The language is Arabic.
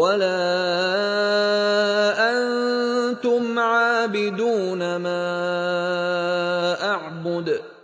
ولا أنتم عابدون ما أعبد